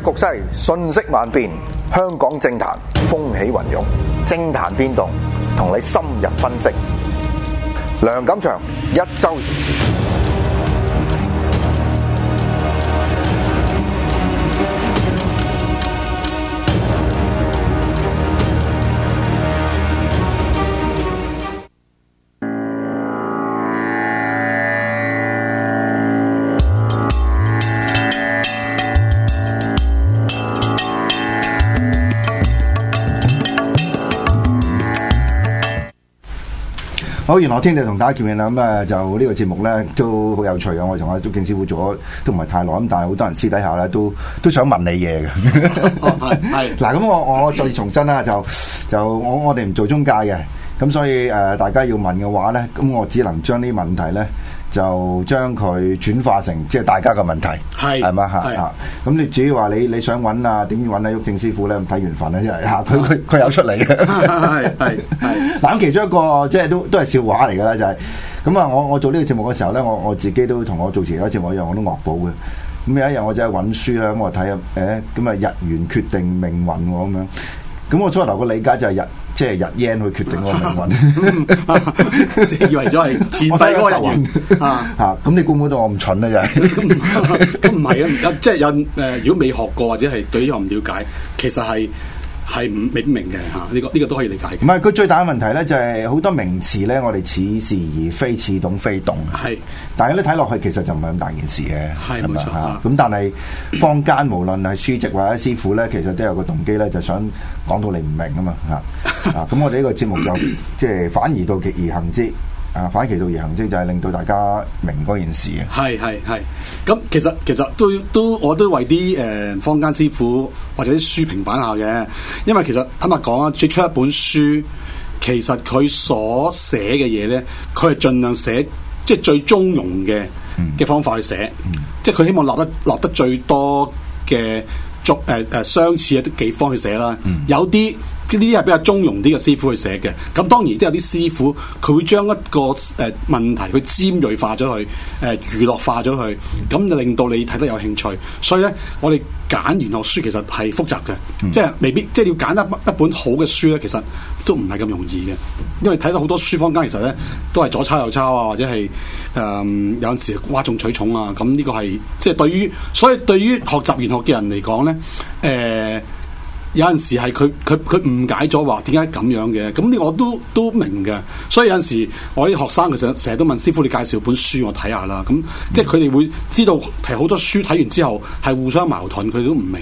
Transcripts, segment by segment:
局勢，瞬息萬變，香港政壇風起雲湧，政壇變動同你深入分析。梁錦祥一周時事。好！原來天氣同大家見面啦。咁啊，就呢個節目咧都好有趣啊！我同阿毓証師傅做咗都唔係太耐，咁但係好多人私底下咧都都想問你嘢嘅。係。 嗱，咁我我再重申啦，就就我我哋唔做中介嘅。咁、嗯、所以誒、呃，大家要問嘅話咧，咁、嗯、我只能將啲問題咧，就將佢轉化成即係大家嘅問題，係係嘛吓，咁你主要話你你想揾啊，點揾啊？毓証師傅咧，咁睇緣分啊，因為吓，佢佢佢有出嚟嘅， 係係係。嗱，其中一個即係都都係笑話嚟噶啦，就係咁啊！我我做呢個節目嘅時候咧，我我自己都同我做其他節目一樣，我都惡補嘅。咁有一日我，我就喺揾書啦，咁我睇下，誒，咁啊，日元決定命運咁樣，咁我初頭嘅理解就係日即係日元去決定我命運， 以為咗係前邊嗰個命運啊啊！咁你估唔估到我咁蠢咧？就咁唔係啊，即係有誒。如果未學過或者係對呢行唔了解，其實係係唔明明嘅嚇。呢、啊呢個呢、呢個都可以理解。唔係佢最大嘅問題咧、就是，就係好多名詞咧，我哋似是而非，非，似懂非懂。係，但係咧睇落去其實就唔係咁大件事嘅，係冇錯啊。咁但係坊間無論係書籍或者師傅咧，其實都有個動機咧，就想講到你唔明啊嘛嚇。 啊！咁我哋呢個節目就即係反而到極而行之，啊、嗯，反其道而行之，就係令到大家明嗰件事啊！係係係，咁其實其實都都我都為啲誒坊間師傅或者啲書平反下嘅，因為其實坦白講啊，最出一本書，其實佢所寫嘅嘢咧，佢係盡量寫即係最中庸嘅嘅方法去寫，即係佢希望立得立得最多嘅。作誒誒相似啊，啲地方去寫啦，有啲呢啲係比較中庸啲嘅師傅去寫嘅，咁當然都有啲師傅佢會將一個誒、呃、問題去尖鋭化咗去，誒、呃、娛樂化咗去，咁就令到你睇得有興趣。所以咧，我哋揀玄學書其實係複雜嘅、嗯，即係未必即係要揀一一本好嘅書咧，其實都唔係咁容易嘅，因為睇到好多書坊間其實咧都係左抄右抄啊，或者係。誒、um, 有陣時嘩眾取寵啊，咁呢個係即係對於，所以對於學習玄學嘅人嚟講咧，誒、呃。有陣時係佢佢佢誤解咗話點解咁樣嘅，咁呢我都都明嘅。所以有陣時我啲學生佢成日成日都問，師傅你介紹本書我睇下啦。咁即係佢哋會知道係好多書睇完之後係互相矛盾，佢都唔明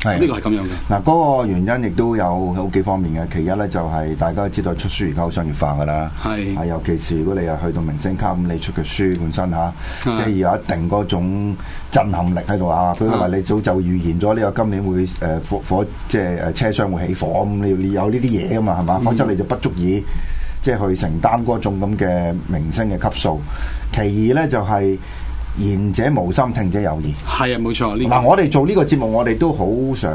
嘅。呢個係咁樣嘅。嗱，嗰個原因亦都有好幾方面嘅。其一咧就係、係、大家知道出書而家好商業化㗎啦。係的尤其是如果你係去到明星級，咁，你出嘅書本身嚇的即係要有一定嗰種震撼力喺度啊。佢話你早就預言咗呢個今年會誒火火即係。誒車廂會起火咁，你要有呢啲嘢噶嘛，係嘛？否則、嗯、你就不足以即係、就是、去承擔嗰種咁嘅明星嘅級數。其二咧就係、是。言者無心，聽者有意。係啊，冇錯。嗱，我哋做呢個節目，嗯、我哋都好想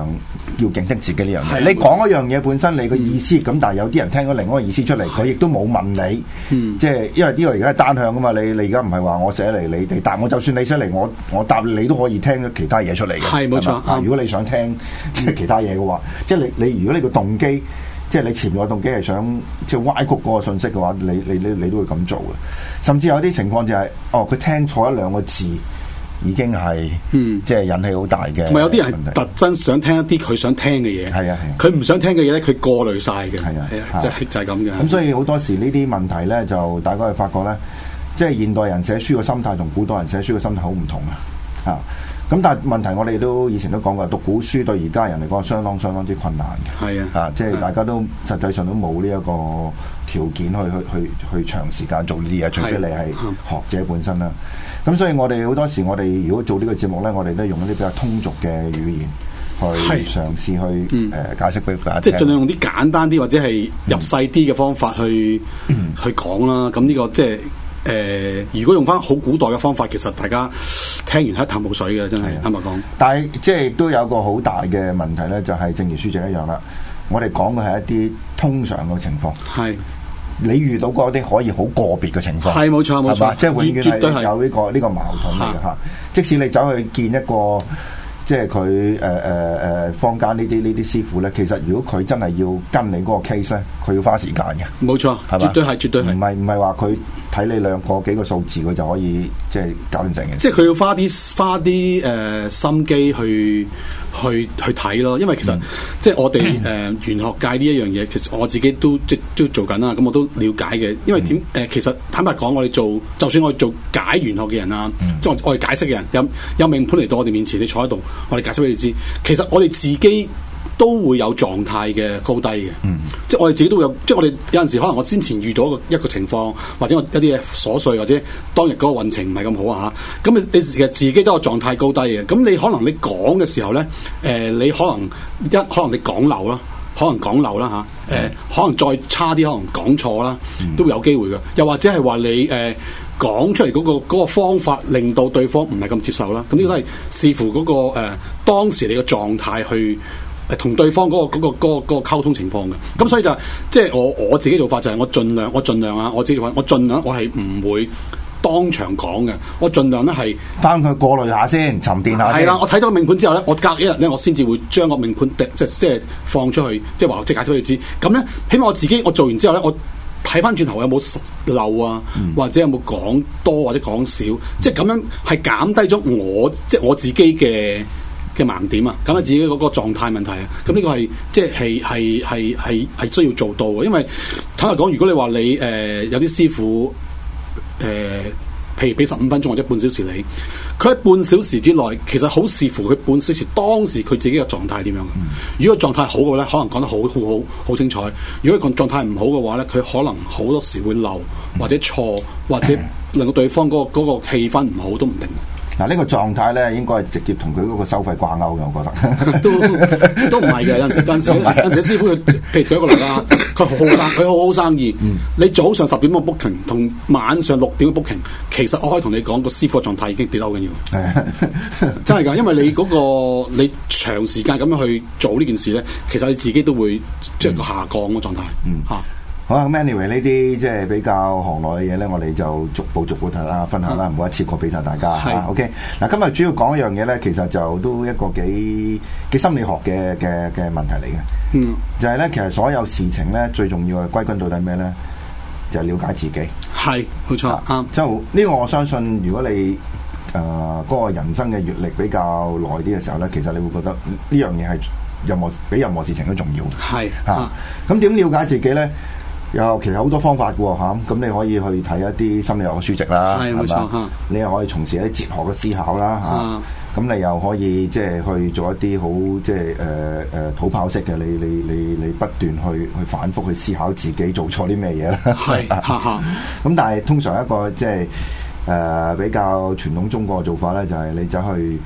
要警惕自己呢樣嘢。啊、你講一樣嘢本身，你意、嗯、個意思咁，但係、啊、有啲人聽咗另外個意思出嚟，佢亦都冇問你。即係、嗯就是、因為呢個而家係單向噶嘛，你你而家唔係話我寫嚟你哋，但我就算你寫嚟我，我答你都可以聽咗其他嘢出嚟嘅。係冇、啊、吧錯。啊，如果你想聽即係、嗯、其他嘢嘅話，即、就、係、是、你你，你如果你個動機。即係你潛在動機係想即係歪曲嗰個信息嘅話，你你你你都會咁做嘅。甚至有啲情況就係、是，哦佢聽錯一兩個字，已經係，嗯、即係引起好大嘅。同埋有啲人特登想聽一啲佢想聽嘅嘢，係啊，佢唔、啊、想聽嘅嘢咧，佢過濾晒嘅，係啊，啊啊就是、就係咁嘅。咁、啊、所以好多時呢啲問題咧，就大家係發覺咧，即係現代人寫書嘅心態同古代人寫書嘅心態好唔同啊。啊咁但係問題我，我哋都以前都講過，讀古書對而家人嚟講相當相當之困難嘅。係啊，即係、啊啊、大家都、啊、實際上都冇呢一個條件去、啊、去去去，去長時間做呢啲嘢，除非你係學者本身啦。咁、啊、所以我哋好多時，我哋如果做呢個節目咧，我哋都用一啲比較通俗嘅語言去嘗試去誒、啊嗯呃、解釋俾大家。即係盡量用啲簡單啲或者係入細啲嘅方法去、嗯、去講啦。咁呢、呢個即係誒，如果用翻好古代嘅方法，其實大家。聽完黑淡，冇水嘅，真係，的坦白講。但係即係都有個好大嘅問題咧，就係、是、正如書籍一樣啦。我哋講嘅係一啲通常嘅情況，係的你遇到嗰啲可以好個別嘅情況，係冇錯冇錯，即係永遠係有呢、這個呢、這個矛盾嚟嘅吓。的即使你走去見一個。即係佢誒誒誒坊間呢啲呢啲師傅咧，其實如果佢真係要跟你嗰個 case 咧，佢要花時間嘅。冇錯，係咪吧？絕對係，絕對係。唔係唔係話佢睇你兩個幾個數字，佢就可以即係搞掂整嘅。即係佢要花啲花啲誒、呃、心機去去去睇咯。因為其實、嗯、即係我哋誒玄學界呢一樣嘢，其實我自己都即都做緊啦。咁我都了解嘅。因為點誒、嗯呃？其實坦白講，我哋做就算我哋做，做解玄學嘅人啊，嗯、即係我哋解釋嘅人，有有命盤嚟到我哋面前，面前面，你坐喺度。我哋解釋俾你知，其實我哋自己都會有狀態嘅高低嘅，嗯、即係我哋自己都有，即係我哋有陣時可能我先前遇到一個，一個情況，或者我一啲嘢瑣碎，或者當日嗰個運程唔係咁好啊吓，咁你你其實自己都有狀態高低嘅，咁你可能你講嘅時候咧，誒、呃，你可能一可能你講漏啦，可能講漏啦吓，誒、啊呃，可能再差啲，可能講錯啦，都會有機會嘅，又或者係話你誒。呃講出嚟嗰、那個那個方法，令到對方唔係咁接受啦。咁呢個係視乎嗰、那個誒、呃、當時你嘅狀態去誒同、呃、對方嗰、那個嗰、那個嗰、那個、溝通情況嘅。咁所以就即、是、係、就是、我我自己做法就係我儘量我儘量啊！我即係話我儘量我係唔會當場講嘅。我儘量咧係翻去過濾下先，沉澱下先。係啦，我睇咗個命盤之後咧，我隔一日咧，我先至會將個命盤即即放出去，即係話即係解釋俾你知。咁咧，起碼我自己我做完之後咧，我。睇翻轉頭有冇漏啊，嗯、或者有冇講多或者講少，即係咁樣係減低咗我即係、就是、我自己嘅嘅盲點啊，減低自己嗰個狀態問題啊，咁呢個係即係係係係係需要做到嘅，因為坦白講，如果你話你誒、呃、有啲師傅誒、呃，譬如俾十五分鐘或者半小時你。佢喺半小時之內，其實好視乎佢半小時當時佢自己嘅狀態點樣。嗯、如果狀態好嘅話咧，可能講得好好好好精彩；如果個狀態唔好嘅話咧，佢可能好多時會漏或者錯，或者令到對方嗰、嗰個嗰個氣氛唔好都唔定。嗱呢個狀態咧，應該係直接同佢嗰個收費掛鈎嘅，我覺得都都唔係嘅。有陣 時，有陣時，有陣時師傅譬如舉個例啦，佢好佢好好生意。好好生意。嗯、你早上十點嘅 booking 同晚上六點嘅 booking，其實我可以同你講，個師傅嘅狀態已經跌得好緊要。係、嗯、真係噶，因為你嗰、嗰個、嗯、你長時間咁樣去做呢件事咧，其實你自己都會即係個下降嘅狀態。嗯，吓。好啦，anyway 呢啲即係比較行內嘅嘢咧，我哋就逐步逐步睇啦，分享啦，唔好一次過俾晒大家吓是、啊。OK，嗱今日主要講一樣嘢咧，其實就都一個幾嘅心理學嘅嘅嘅問題嚟嘅。嗯，就係咧，其實所有事情咧，最重要係歸根到底咩咧？就係、是、了解自己。係，冇錯，啱、啊。即係呢個我相信，如果你誒嗰、呃那個人生嘅閱歷比較耐啲嘅時候咧，其實你會覺得呢樣嘢係任何比任何事情都重要係，吓。咁點了解自己咧？有，其實好多方法嘅喎嚇，咁你可以去睇一啲心理學書籍啦，係咪、啊、你又可以從事一啲哲學嘅思考啦嚇，咁、啊、你又可以即係去做一啲好即係誒誒土炮式嘅，你你你你不斷去、嗯、去反覆去思考自己做錯啲咩嘢啦。係， 咁、啊、 但係通常一個即係誒比較傳統中國嘅做法咧、就是，就係你走去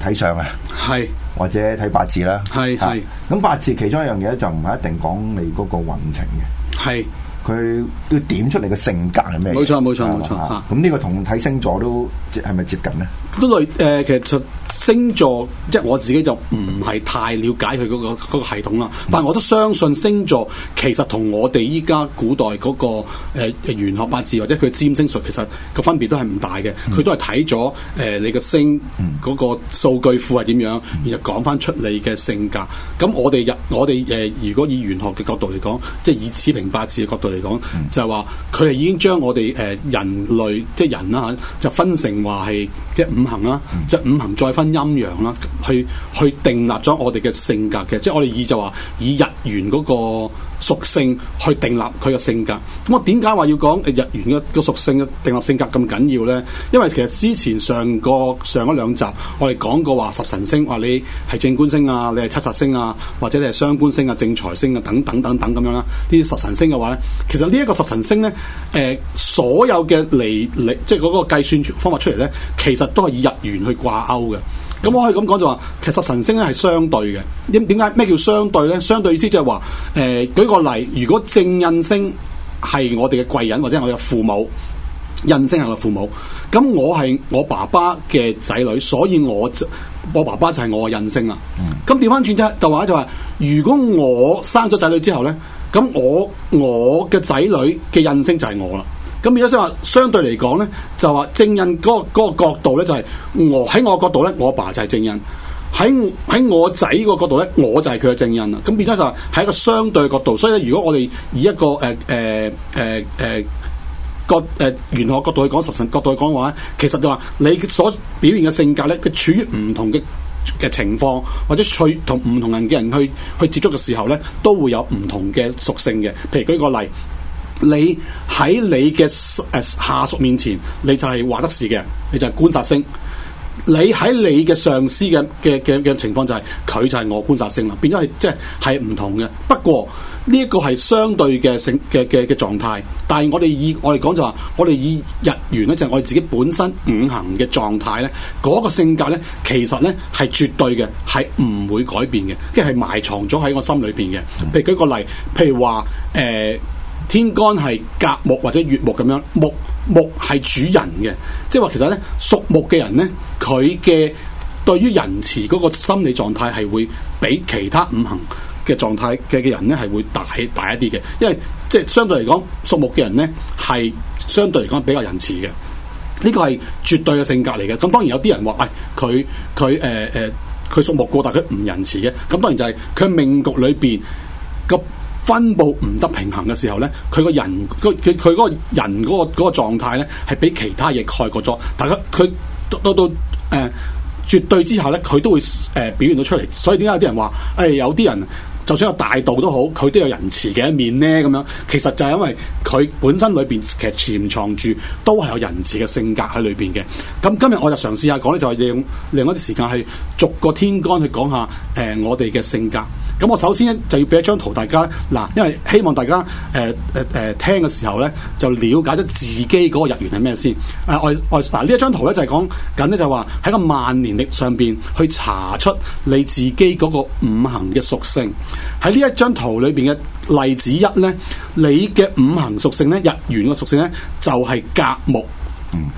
誒睇相啊，係，或者睇八字啦，係係。咁八字其中一樣嘢咧就唔、是、係一定講你嗰個運程嘅。係，佢要是點出嚟個性格係咩？冇錯，冇錯，冇、嗯、錯。咁呢個同睇星座都係咪接近呢？都類誒、呃，其實。星座即係我自己就唔係太了解佢嗰個嗰個系統啦，但係我都相信星座其實同我哋依家古代、嗰個誒誒玄學八字或者佢占星術其實個分別都係唔大嘅，佢都係睇咗誒你星、嗰個星嗰個數據庫係點樣，然後講翻出你嘅性格。咁我哋入我哋誒、呃、如果以玄學嘅角度嚟講，即係以子平八字嘅角度嚟講，嗯、就係話佢係已經將我哋誒人類即係人啦吓，就分成話係即係五行啦，即係、嗯、五行再。分陰陽啦，去去定立咗我哋嘅性格嘅，即係我哋以就話以日元嗰個屬性去定立佢嘅性格，咁我點解話要講日元嘅個屬性嘅定立性格咁緊要呢？因為其實之前上個上一兩集我哋講過話十神星，話你係正官星啊，你係七殺星啊，或者你係傷官星啊、正財星啊等等等等咁樣啦。呢啲十神星嘅話呢，其實呢一個十神星呢，誒、呃、所有嘅嚟嚟即係嗰個計算方法出嚟呢，其實都係以日元去掛鈎嘅。咁我可以咁講就話，其實十神星咧係相對嘅。點點解？咩叫相對咧？相對意思就係話，誒、呃，舉個例，如果正印星係我哋嘅貴人或者我嘅父母，印星係我父母，咁我係我爸爸嘅仔女，所以我我爸爸就係我嘅印星啦。咁調翻轉啫，就話就話，如果我生咗仔女之後咧，咁我我嘅仔女嘅印星就係我啦。咁變咗即係話，相對嚟講咧，就話正印嗰個角度咧，就係我喺我角度咧，我爸爸就係正印；喺喺我仔個角度咧，我就係佢嘅正印啦。咁變咗就係一個相對嘅角度。所以咧，如果我哋以一個誒誒誒誒個誒玄學角度去講，十神角度去講嘅話，其實就話你所表現嘅性格咧，佢處於唔同嘅嘅情況，或者去同唔同人嘅人去去接觸嘅時候咧，都會有唔同嘅屬性嘅。譬如舉個例。你喺你嘅下屬面前，你就係話得事嘅，你就係觀察星。你喺你嘅上司嘅嘅嘅嘅情況就係、是、佢就係我觀察星啦，變咗係即係唔同嘅。不過呢一個係相對嘅性嘅嘅嘅狀態，但係我哋以我哋講就話、是，我哋以日元咧就係、是、我哋自己本身五行嘅狀態咧，嗰、那個性格咧其實咧係絕對嘅，係唔會改變嘅，即係埋藏咗喺我心裏邊嘅。譬如舉個例，譬如話誒。呃天干係甲木或者乙木咁樣，木木係主人嘅，即係話其實咧屬木嘅人咧，佢嘅對於仁慈嗰個心理狀態係會比其他五行嘅狀態嘅嘅人咧係會大大一啲嘅，因為即係、就是、相對嚟講屬木嘅人咧係相對嚟講比較仁慈嘅，呢個係絕對嘅性格嚟嘅。咁當然有啲人話，誒佢佢誒誒佢屬木過，但佢唔仁慈嘅。咁當然就係佢命局裏邊個。分布唔得平衡嘅時候呢，佢、嗰個人佢佢佢個人嗰個嗰個狀態咧，係比其他嘢蓋過咗。大家佢到到到誒、呃、絕對之後呢，佢都會誒、呃、表現到出嚟。所以點解有啲人話誒、哎、有啲人就算有大道都好，佢都有仁慈嘅一面呢？咁樣。其實就係因為佢本身裏邊其實潛藏住都係有仁慈嘅性格喺裏邊嘅。咁今日我就嘗試下講呢，就係、用另外啲時間係逐個天干去講下誒、呃、我哋嘅性格。咁我首先咧就要俾一張圖大家，嗱，因為希望大家誒誒誒聽嘅時候咧，就了解咗自己嗰個日元係咩先。啊、呃，外外，嗱、呃、呢一張圖咧就係講緊咧就話喺個萬年歷上邊去查出你自己嗰個五行嘅屬性。喺呢一張圖裏邊嘅例子一咧，你嘅五行屬性咧，日元嘅屬性咧，就係甲木。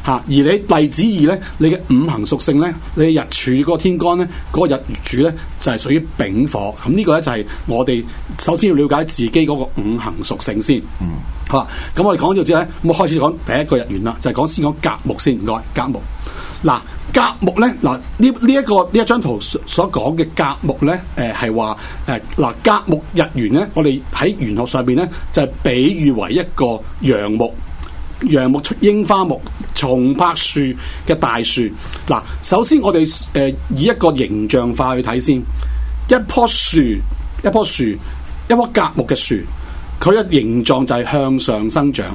吓，而你例子二咧，你嘅五行屬性咧，你日柱嗰個天干咧，嗰、那個日主咧就係屬於丙火，咁、這個、呢個咧就係、是、我哋首先要了解自己嗰個五行屬性先。嗯，好啦，咁我哋講咗之後咧，咁開始講第一個日元啦，就係、是、講先講甲木先，唔該，甲木。嗱，甲木咧，嗱呢呢一個呢一張圖所講嘅甲木咧，誒係話誒嗱甲木日元咧，我哋喺玄學上邊咧就係、是、比喻為一個陽木。楊木、出櫻花木、松柏樹嘅大樹嗱，首先我哋誒以一個形象化去睇先，一棵樹、一棵樹、一棵甲木嘅樹，佢嘅形狀就係向上生長。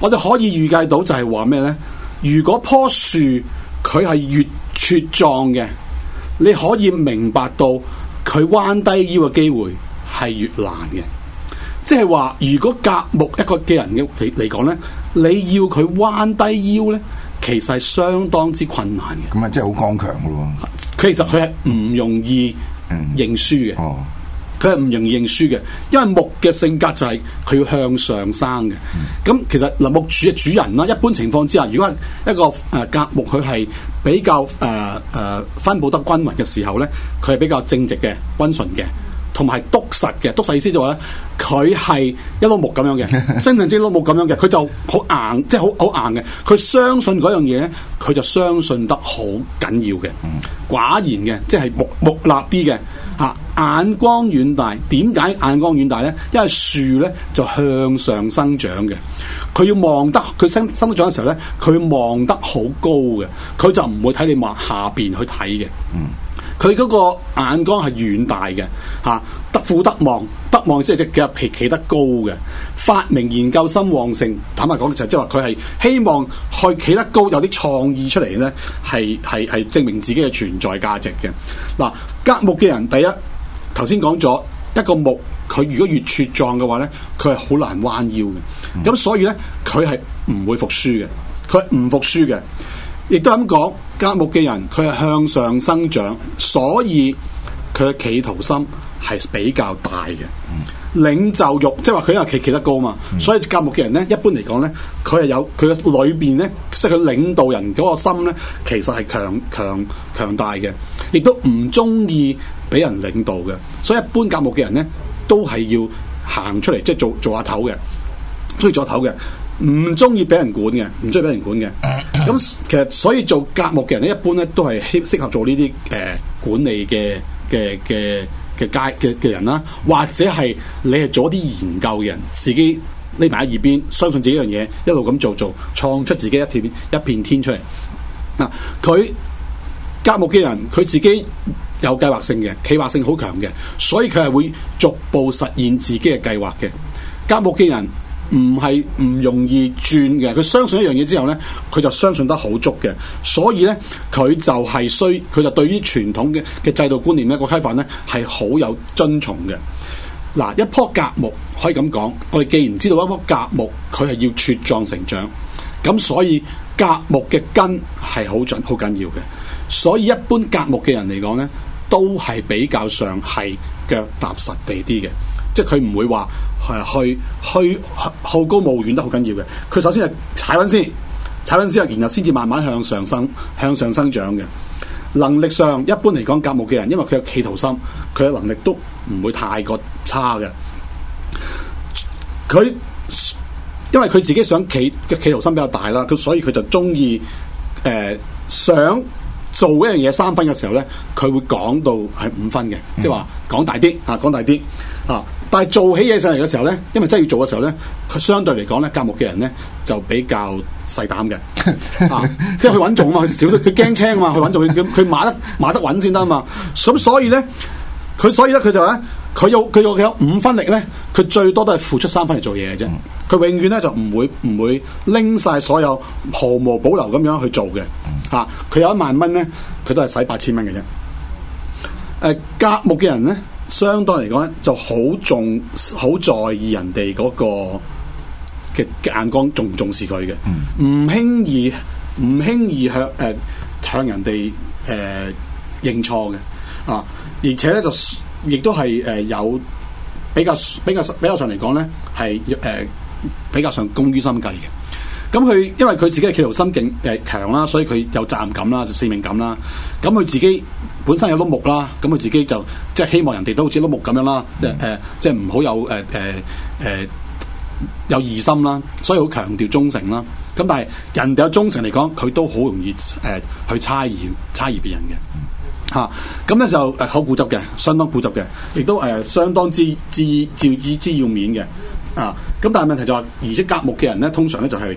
我哋可以預計到就係話咩呢？如果棵樹佢係越茁壯嘅，你可以明白到佢彎低腰嘅機會係越難嘅，即係話如果甲木一個嘅人嘅嚟嚟講呢，你要佢彎低腰咧，其實係相當之困難嘅。咁啊，真係好剛強嘅喎！佢其實佢係唔容易認輸嘅。哦、嗯，佢係唔容易認輸嘅，因為木嘅性格就係佢要向上生嘅。咁、嗯、其實嗱，木主嘅主人啦，一般情況之下，如果係一個誒格木佢係比較誒誒、呃呃、分佈得均勻嘅時候咧，佢係比較正直嘅、温順嘅。同埋係篤實嘅，篤實意思就話咧，佢係一碌木咁樣嘅，真正一碌木咁樣嘅，佢就好硬，即係好好硬嘅。佢相信嗰樣嘢，佢就相信得好緊要嘅，寡言嘅，即係木木立啲嘅。嚇、啊，眼光遠大，點解眼光遠大咧？因為樹咧就向上生長嘅，佢要望得佢生生得長嘅時候咧，佢望得好高嘅，佢就唔會睇你望下邊去睇嘅。嗯。佢嗰個眼光係遠大嘅，嚇得富得望，得望即係隻腳皮企得高嘅。發明研究心旺盛，坦白講就即係話佢係希望去企得高，有啲創意出嚟咧，係係係證明自己嘅存在價值嘅。嗱，甲木嘅人第一頭先講咗一個木，佢如果越茁壯嘅話咧，佢係好難彎腰嘅。咁、嗯、所以咧，佢係唔會服輸嘅，佢係唔服輸嘅，亦都咁講。甲木嘅人佢係向上生長，所以佢嘅企圖心係比較大嘅。領袖欲，即係話佢因為企企得高嘛，所以甲木嘅人咧一般嚟講咧，佢係有佢嘅裏面咧，即係佢領導人嗰個心咧，其實係強強強大嘅，亦都唔中意俾人領導嘅。所以一般甲木嘅人咧，都係要行出嚟即係做做下頭嘅，中意做頭嘅。唔中意俾人管嘅，唔中意俾人管嘅。咁 其實所以做甲木嘅人咧，一般咧都係適合做呢啲誒管理嘅嘅嘅嘅階嘅嘅人啦，或者係你係做啲研究嘅人，自己匿埋喺耳邊，相信自己樣嘢，一路咁做做，創出自己一片一片天出嚟。嗱、呃，佢甲木嘅人，佢自己有計劃性嘅，企劃性好強嘅，所以佢係會逐步實現自己嘅計劃嘅。甲木嘅人。唔係唔容易轉嘅，佢相信一樣嘢之後呢，佢就相信得好足嘅，所以呢，佢就係衰佢就對於傳統嘅嘅制度觀念呢個規範呢係好有遵從嘅。嗱，一棵格木可以咁講，我哋既然知道一棵格木佢係要茁壯成長，咁所以格木嘅根係好準好緊要嘅，所以一般格木嘅人嚟講呢，都係比較上係腳踏實地啲嘅，即係佢唔會話。係去去好高騖遠都好緊要嘅，佢首先係踩穩先，踩穩先，然後先至慢慢向上升，向上生長嘅。能力上一般嚟講，甲木嘅人，因為佢有企圖心，佢嘅能力都唔會太過差嘅。佢因為佢自己想企嘅企圖心比較大啦，咁所以佢就中意誒想做一樣嘢三分嘅時候咧，佢會講到係五分嘅，嗯、即係話講大啲吓，講大啲吓。啊但係做起嘢上嚟嘅時候咧，因為真係要做嘅時候咧，佢相對嚟講咧，甲木嘅人咧就比較細膽嘅， 啊，因為佢穩重啊嘛，佢少，佢驚青啊嘛，佢穩重，佢佢佢買得買得穩先得啊嘛，咁、啊、所以咧，佢所以咧佢就咧，佢有佢有佢有五分力咧，佢最多都係付出三分嚟做嘢嘅啫，佢、嗯、永遠咧就唔會唔會拎晒所有毫無保留咁樣去做嘅，啊，佢有一萬蚊咧，佢都係使八千蚊嘅啫，誒、啊，甲木嘅人咧。相當嚟講咧，就好重、好在意人哋嗰個嘅眼光，重唔重視佢嘅？唔輕易、唔輕易向誒、呃、向人哋誒、呃、認錯嘅啊！而且咧就亦都係誒有比較比較比較上嚟講咧，係誒、呃、比較上工於心計嘅。咁佢因為佢自己嘅企圖心勁誒、呃、強啦，所以佢有責任感啦、就使命感啦。咁佢自己本身有碌木啦，咁佢自己就即係、就是、希望人哋都好似碌木咁樣啦，誒誒、嗯，即係唔好有誒誒誒有疑心啦。所以好強調忠誠啦。咁但係人哋有忠誠嚟講，佢都好容易誒、呃、去猜疑猜疑別人嘅。嚇、啊，咁咧就誒好固執嘅，相當固執嘅，亦都誒、呃、相當之之要之要面嘅。啊！咁但係問題就係，而家格木嘅人咧，通常咧就係、是、誒，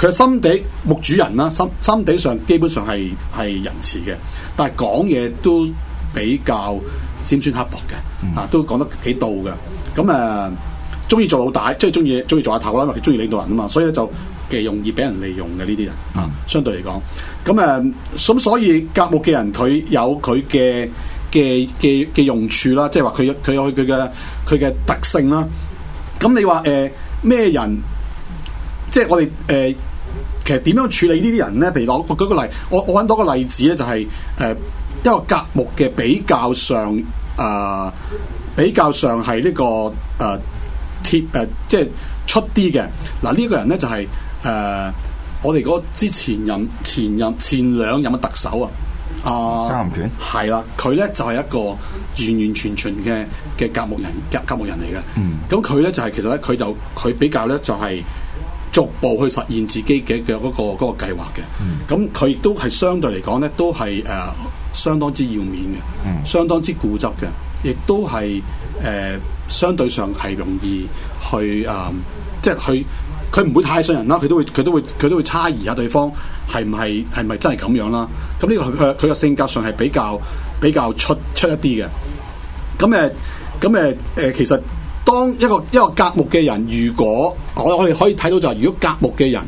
佢、呃、心底木主人啦，心心底上基本上係係仁慈嘅，但係講嘢都比較尖酸刻薄嘅，啊，都講得幾道嘅。咁、啊、誒，中意做老大，即係中意中意做阿頭啦，因佢中意領導人啊嘛，所以就幾容易俾人利用嘅呢啲人啊。相對嚟講，咁、啊、誒，咁所以格木嘅人佢有佢嘅。嘅嘅嘅用處啦，即係話佢有佢有佢嘅佢嘅特性啦。咁你話誒咩人？即係我哋誒、呃、其實點樣處理呢啲人咧？譬如講我舉個例，我我揾到個例子咧，就係、是、誒、呃、一個格目嘅比較上啊、呃、比較上係呢、這個誒、呃、貼誒、呃、即係出啲嘅嗱呢個人咧就係、是、誒、呃、我哋嗰之前人前人前兩任嘅特首啊。啊！花拳係啦，佢咧就係、是、一個完完全全嘅嘅格木人格格木人嚟嘅。咁佢咧就係其實咧，佢就佢比較咧就係逐步去實現自己嘅嘅嗰個嗰個計劃嘅。咁佢亦都係相對嚟講咧，都係誒相當之要面嘅，相當之固執嘅，亦都係誒相對上係容易去誒、嗯，即係佢佢唔會太信人啦，佢都會佢都會佢都會差異下對方係唔係係唔真係咁樣啦。咁呢，這個佢佢嘅性格上係比較比較出出一啲嘅，咁，嗯、誒，咁誒誒，其實當一個一個格目嘅人，如果我我哋可以睇到就係如果格目嘅人，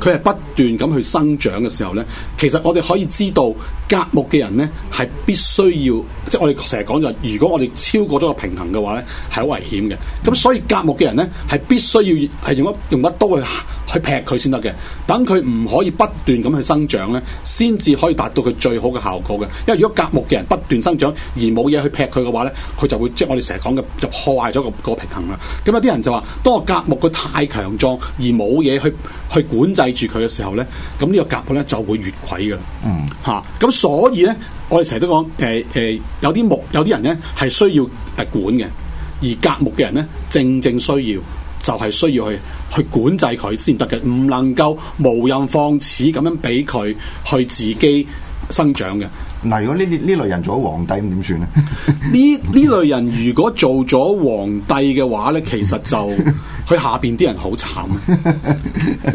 佢係不斷咁去生長嘅時候呢，其實我哋可以知道甲木嘅人呢係必須要，即係我哋成日講就係，如果我哋超過咗個平衡嘅話呢，係好危險嘅。咁所以甲木嘅人呢係必須要係用一用一把刀去去劈佢先得嘅。等佢唔可以不斷咁去生長呢，先至可以達到佢最好嘅效果嘅。因為如果甲木嘅人不斷生長而冇嘢去劈佢嘅話呢，佢就會即係我哋成日講嘅就破壞咗個個平衡啦。咁有啲人就話，當個甲木佢太強壯而冇嘢去去管制住佢嘅時候，咧，咁呢個甲木咧就會越軌嘅，嗯，嚇，咁所以咧，我哋成日都講，誒、呃、誒，有啲木有啲人咧係需要誒、呃、管嘅，而甲木嘅人咧，正正需要就係、是、需要去去管制佢先得嘅，唔能夠無人放矢咁樣俾佢去自己生長嘅。嗱，如果呢呢類人做咗皇帝咁點算咧？呢呢 類人如果做咗皇帝嘅話咧，其實就佢下邊啲人好慘，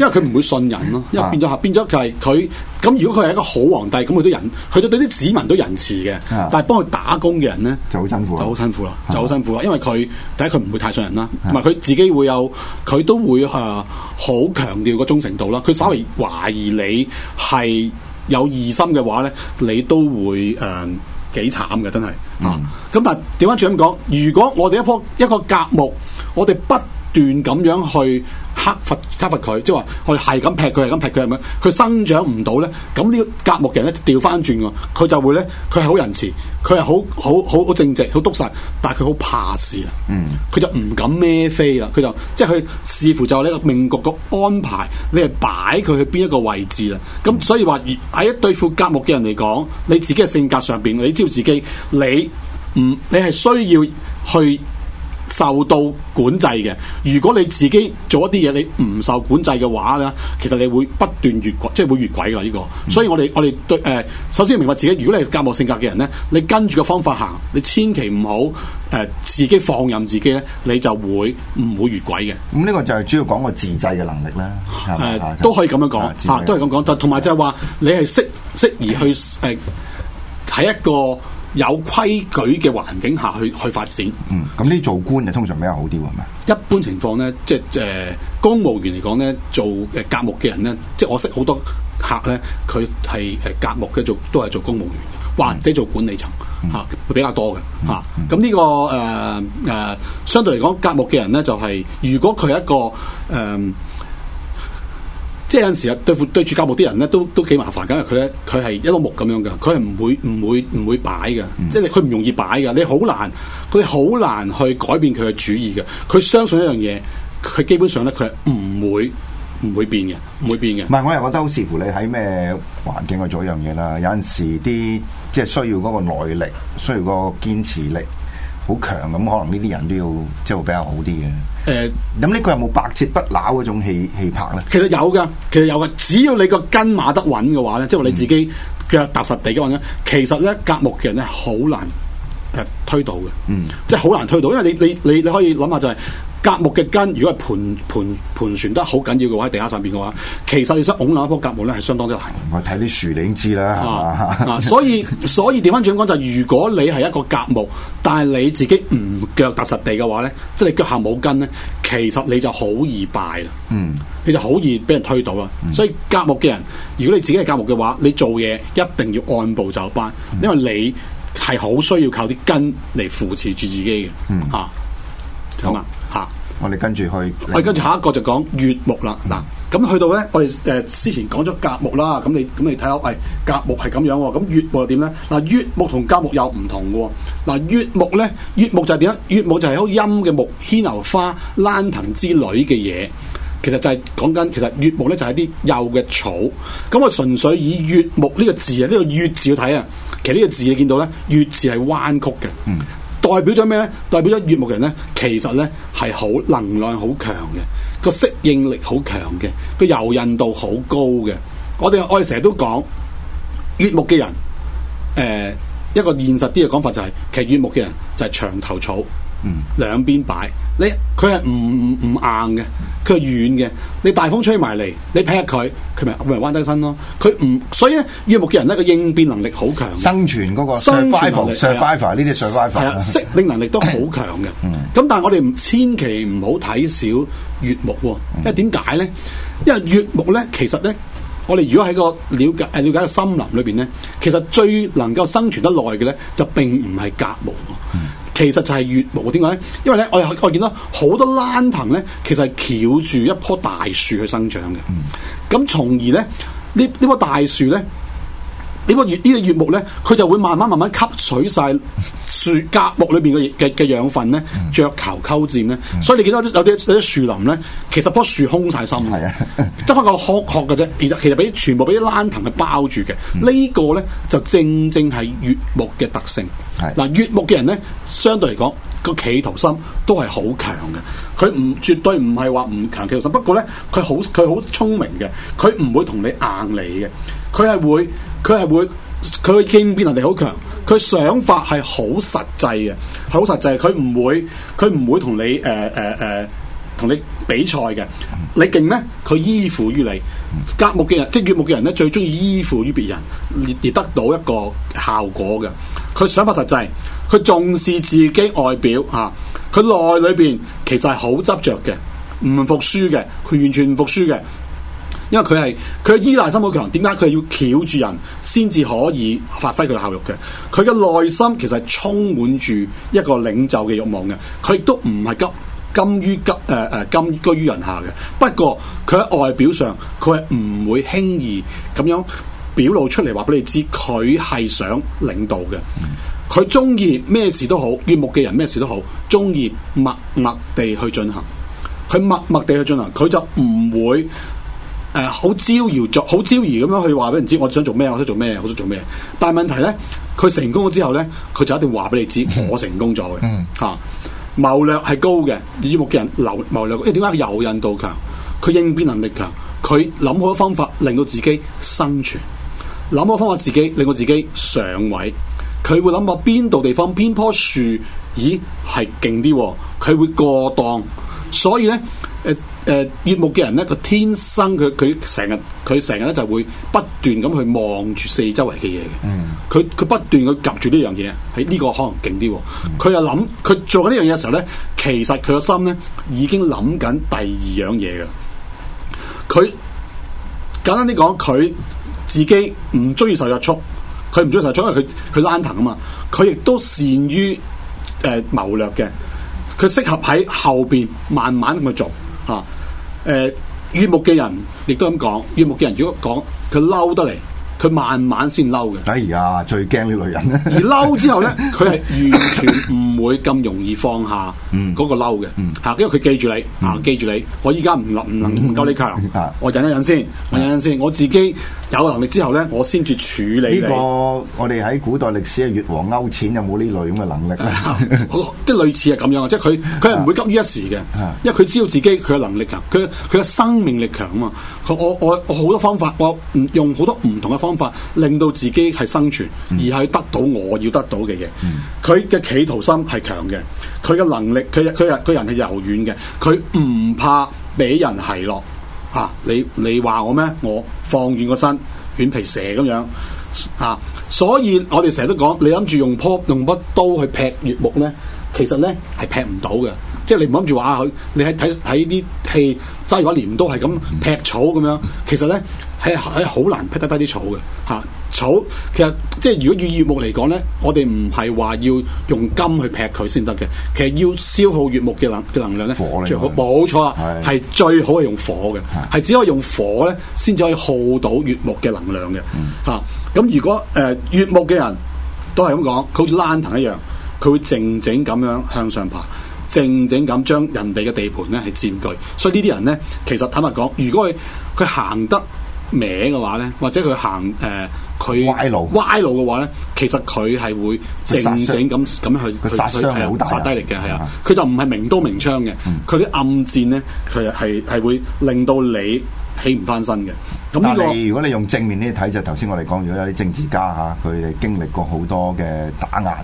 因為佢唔會信人咯，因為變咗、啊、變咗就係佢。咁如果佢係一個好皇帝，咁佢都仁，佢都對啲子民都仁慈嘅，啊、但係幫佢打工嘅人咧就好辛苦，就好辛苦啦，啊、就好辛苦啦。因為佢第一佢唔會太信人啦，同埋佢自己會有，佢都會誒好、啊、強調個忠誠度啦，佢稍微懷疑你係。有疑心嘅話咧，你都會誒幾、嗯、慘嘅，真係啊！咁啊、嗯，但係調返轉咁講，如果我哋一樖一個甲木，我哋不斷咁樣去克伐克伐佢，即係話我哋係咁劈佢，係咁劈佢，係咪？佢生長唔到咧，咁呢個甲木嘅人咧調翻轉喎，佢就會咧，佢係好仁慈，佢係好好好好正直，好篤實，但係佢好怕事啊，嗯，佢就唔敢孭飛啦，佢就即係佢視乎就呢個命局個安排，你係擺佢去邊一個位置啦，咁、嗯、所以話，喺對付甲木嘅人嚟講，你自己嘅性格上邊，你知道自己，你唔，你係、嗯、需要去。受到管制嘅，如果你自己做一啲嘢你唔受管制嘅話咧，其實你會不斷越，即係會越軌㗎，呢、這個，所以我哋我哋對，誒、呃、首先要明白自己。如果你係甲木性格嘅人咧，你跟住個方法行，你千祈唔好誒自己放任自己咧，你就會唔會越軌嘅。咁呢、嗯這個就係主要講個自制嘅能力啦。誒、呃、都可以咁樣講，嚇、啊，都係咁講，同同埋就係話，你係適適宜去誒喺、呃、一個。有規矩嘅環境下去去發展，嗯，咁、嗯、呢做官就通常比較好啲，係咪？一般情況咧，即係誒、呃、公務員嚟講咧，做誒甲木嘅人咧，即係我識好多客咧，佢係誒甲木嘅做，都係做公務員，或者做管理層嚇，會、嗯啊、比較多嘅嚇。咁呢個誒誒，相對嚟講，甲木嘅人咧，就係、是、如果佢係一個誒。嗯即係有陣時啊，對付對住教牧啲人咧，都都幾麻煩㗎。因為佢咧，佢係一樖木咁樣嘅，佢係唔會唔會唔會擺嘅。嗯、即係佢唔容易擺嘅，你好難，佢好難去改變佢嘅主意嘅。佢相信一樣嘢，佢基本上咧，佢係唔會唔會變嘅，唔會變嘅、嗯。唔係、嗯，我又覺得好視乎你喺咩環境去做一樣嘢啦。有陣時啲即係需要嗰個耐力，需要嗰個堅持力。好強咁，可能呢啲人都要即係比較好啲嘅。誒、呃，咁呢個有冇百折不撓嗰種氣，氣魄咧？其實有噶，其實有噶。只要你個筋馬得穩嘅話咧，嗯、即係話你自己腳踏實地嘅話咧，其實咧隔木嘅人咧好難誒、呃、推到嘅。嗯，即係好難推到，因為你你你你可以諗下就係、是。甲木嘅根，如果係盤盤盤旋得好緊要嘅話，喺地下上邊嘅話，其實你想拱立一棵甲木咧，係相當之難。我睇啲樹你知啦，啊，所以所以調翻轉講就，如果你係一個甲木，但係你自己唔腳踏實地嘅話咧，嗯、即係你腳下冇根咧，其實你就好易敗啦。嗯，你就好易俾人推倒啦。嗯、所以甲木嘅人，如果你自己係甲木嘅話，你做嘢一定要按部就班，嗯、因為你係好需要靠啲根嚟扶持住自己嘅。吓、啊。咁啊，吓好！嗯、我哋跟住去。我跟住下一個就講乙木啦。嗱、嗯，咁去到咧，我哋誒、呃、之前講咗甲木啦。咁你咁你睇下，喂、哎，甲木係咁樣喎、哦。咁乙木又點咧？嗱、啊，乙木同甲木又唔同嘅、哦。嗱、啊，乙木咧，乙木就係點咧？乙木就係好陰嘅木，牽牛花、蘭藤之類嘅嘢。其實就係講緊，其實乙木咧就係啲幼嘅草。咁我純粹以乙木呢個字啊，呢、這個乙字去睇啊。其實呢個字你見到咧，乙字係彎曲嘅。嗯。代表咗咩呢？代表咗乙木人呢？其實呢，係好能量好強嘅，個適應力好強嘅，個柔韌度好高嘅。我哋我哋成日都講，乙木嘅人，誒、呃，一個現實啲嘅講法就係、是，其實乙木嘅人就係牆頭草。兩邊擺，你佢係唔唔唔硬嘅，佢係軟嘅。你大風吹埋嚟，你劈下佢，佢咪咪彎低身咯。佢唔所以咧，月木嘅人咧個應變能力好強，生存嗰個生存能力 survival、啊、survival 呢啲 survival 適應能力都好強嘅。咁、嗯嗯、但係我哋千祈唔好睇少月木、啊，因為點解咧？因為月木咧，其實咧。我哋如果喺個瞭解誒瞭、呃、解嘅森林裏邊咧，其實最能夠生存得耐嘅咧，就並唔係甲木，嗯，其毛，其實就係乙木，點解？因為咧，我哋可以見到好多蘭藤咧，其實係翹住一棵大樹去生長嘅。咁、從、嗯、而咧，呢呢棵大樹咧。呢個乙呢個乙木咧，佢就會慢慢慢慢吸取晒樹甲木裏邊嘅嘅嘅養分咧，鵲巢 鳩佔咧。 所以你見到有啲有啲樹林咧，其實棵樹空晒心，執翻 個殼殼嘅啫。其實其實俾全部俾啲爛藤係包住嘅。 個呢個咧就正正係乙木嘅特性。嗱， 乙木嘅人咧，相對嚟講個企圖心都係好強嘅。佢唔絕對唔係話唔強企圖心，不過咧佢好佢好，好，好聰明嘅，佢唔會同你硬你嘅。佢係會，佢係會，佢嘅應變能力好強。佢想法係好實際嘅，係好實際。佢唔會，佢唔會同你誒誒誒同你比賽嘅。你勁咧，佢依附於你。甲木嘅人，即係乙木嘅人咧，最中意依附於別人而而得到一個效果嘅。佢想法實際，佢重視自己外表嚇。佢、啊、內裏邊其實係好執着嘅，唔服輸嘅，佢完全唔服輸嘅。因為佢係佢嘅依賴心好強，點解佢係要翹住人先至可以發揮佢嘅效欲嘅？佢嘅內心其實充滿住一個領袖嘅欲望嘅。佢亦都唔係甘甘於甘誒誒甘居於人下嘅。不過佢喺外表上，佢係唔會輕易咁樣表露出嚟，話俾你知佢係想領導嘅。佢中意咩事都好，悦目嘅人咩事都好，中意默默地去進行。佢默默地去進行，佢就唔會。誒好、呃、招搖著，好招搖咁樣去話俾人知，我想做咩，我想做咩，我想做咩。但係問題咧，佢成功咗之後咧，佢就一定話俾你知，我成功咗嘅嚇。謀略係高嘅，乙木嘅人流謀略，因為點解佢韌度強？佢應變能力強，佢諗好方法令到自己生存，諗好方法自己令到自己上位。佢會諗下邊度地方，邊棵樹，咦係勁啲，佢會過檔。所以咧誒。呃誒，乙木嘅人咧，佢天生佢佢成日佢成日咧就會不斷咁去望住四周圍嘅嘢嘅。嗯，佢佢不斷去夾住呢樣嘢，喺、這、呢個可能勁啲。佢又諗佢做緊呢樣嘢嘅時候咧，其實佢個心咧已經諗緊第二樣嘢嘅。佢簡單啲講，佢自己唔中意受約束，佢唔中意受約束，因為佢佢躝騰啊嘛。佢亦都善於誒、呃、謀略嘅，佢適合喺後邊慢慢咁去做。吓，誒、啊，乙、呃、木嘅人亦都咁講，乙木嘅人如果講佢嬲得嚟，佢慢慢先嬲嘅。哎呀，最驚呢類人呢，而嬲之後咧，佢係 完全唔會咁容易放下嗰個嬲嘅。吓、嗯，嗯、因為佢記住你，吓、嗯啊，記住你，我依家唔能唔夠你強，我忍一忍先，我忍一忍先，嗯、我自己，有能力之後咧，我先至處理你。呢、這個我哋喺古代歷史嘅越王勾踐有冇呢類咁嘅能力咧？好， 即係類似係咁樣嘅，即係佢佢係唔會急於一時嘅， 因為佢知道自己佢嘅能力強，佢佢嘅生命力強啊嘛。我我我好多方法，我唔用好多唔同嘅方法，令到自己係生存而係得到我要得到嘅嘢。佢嘅、嗯、企圖心係強嘅，佢嘅、嗯、能力，佢佢人佢人係柔軟嘅，佢唔怕俾人奚落。啊！你你話我咩？我放軟個身，軟皮蛇咁樣。啊！所以我哋成日都講，你諗住用扑，用把刀去劈乙木咧，其實咧係劈唔到嘅。即係你唔冇諗住話佢，你喺睇睇啲戲，揸住把鎌刀係咁劈草咁樣，其實咧係係好難劈得低啲草嘅嚇、啊、草。其實即係如果以乙木嚟講咧，我哋唔係話要用金去劈佢先得嘅，其實要消耗乙木嘅能嘅能量咧力最好冇錯啊，係的最好係用火嘅，係的只可以用火咧先至可以耗到乙木嘅能量嘅嚇。咁、啊嗯、如果誒乙、呃、木嘅人都係咁講，佢好似拉藤一樣，佢會靜靜咁樣向上爬。靜靜咁將人哋嘅地盤咧係佔據，所以呢啲人咧其實坦白講，如果佢佢行得歪嘅話咧，或者佢行誒佢、呃、歪路歪路嘅話咧，其實佢係會靜靜咁咁去佢殺傷係好大、啊，殺低力嘅係啊，佢、啊、就唔係明刀明槍嘅，佢啲、啊、暗戰咧，佢係係會令到你起唔翻身嘅。咁呢、嗯嗯呢個如果你用正面呢睇，就頭先我哋講如果有啲政治家嚇，佢哋經歷過好多嘅打壓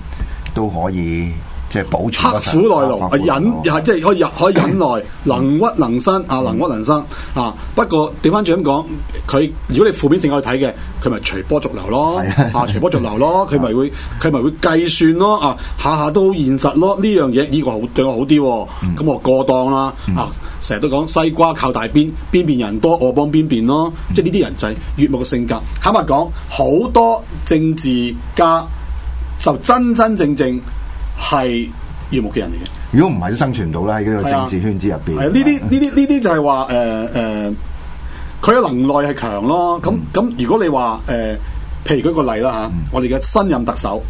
都可以。即係刻苦耐勞，忍係即係可以可以忍耐， 能屈能伸啊，能屈能伸啊。不過點翻轉咁講，佢如果你負面性格去睇嘅，佢咪隨波逐流咯， 啊隨波逐流咯，佢咪會佢咪會計算咯，啊下下都好現實咯。呢樣嘢呢個好對我好啲，咁、嗯、我過檔啦啊。成日都講西瓜靠大邊，邊邊人多我幫邊邊咯。即係呢啲人就係乙木嘅性格。坦白講，好多政治家就真正家就真正真正，真正。係乙木嘅人嚟嘅，如果唔係都生存到啦喺呢個政治圈子入邊。係啊，呢啲呢啲呢啲就係話誒誒，佢、呃、嘅、呃、能耐係強咯。咁咁、嗯，如果你話誒、呃，譬如舉個例啦吓，嗯、我哋嘅新任特首，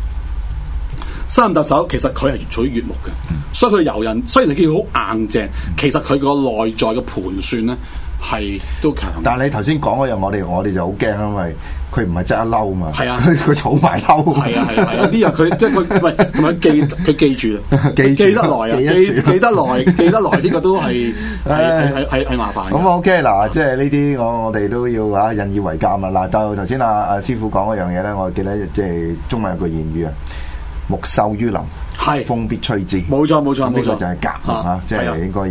新任特首其實佢係越取越木嘅，所以佢柔韌雖然你見佢好硬淨，其實佢個內在嘅盤算咧係都強。但係你頭先講嗰樣，我哋我哋就好驚，因為。佢唔係即刻嬲嘛？係啊，佢儲埋嬲。係啊係啊，啲人佢即係佢唔係唔記記記住，記記得來啊，記記得來記得來，呢、這個都係係係麻煩。咁 OK 嗱，即係呢啲我我哋都要啊，引以為鑑啊。嗱，就頭先阿阿師傅講嗰樣嘢咧，我記得即係中文有個諺語啊，木秀於林，風必摧之。冇錯冇錯，呢個就係夾吓，啊、即係應該要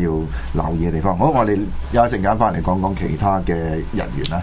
留意嘅地方。的好，我哋休息陣間翻嚟講講其他嘅人員啦。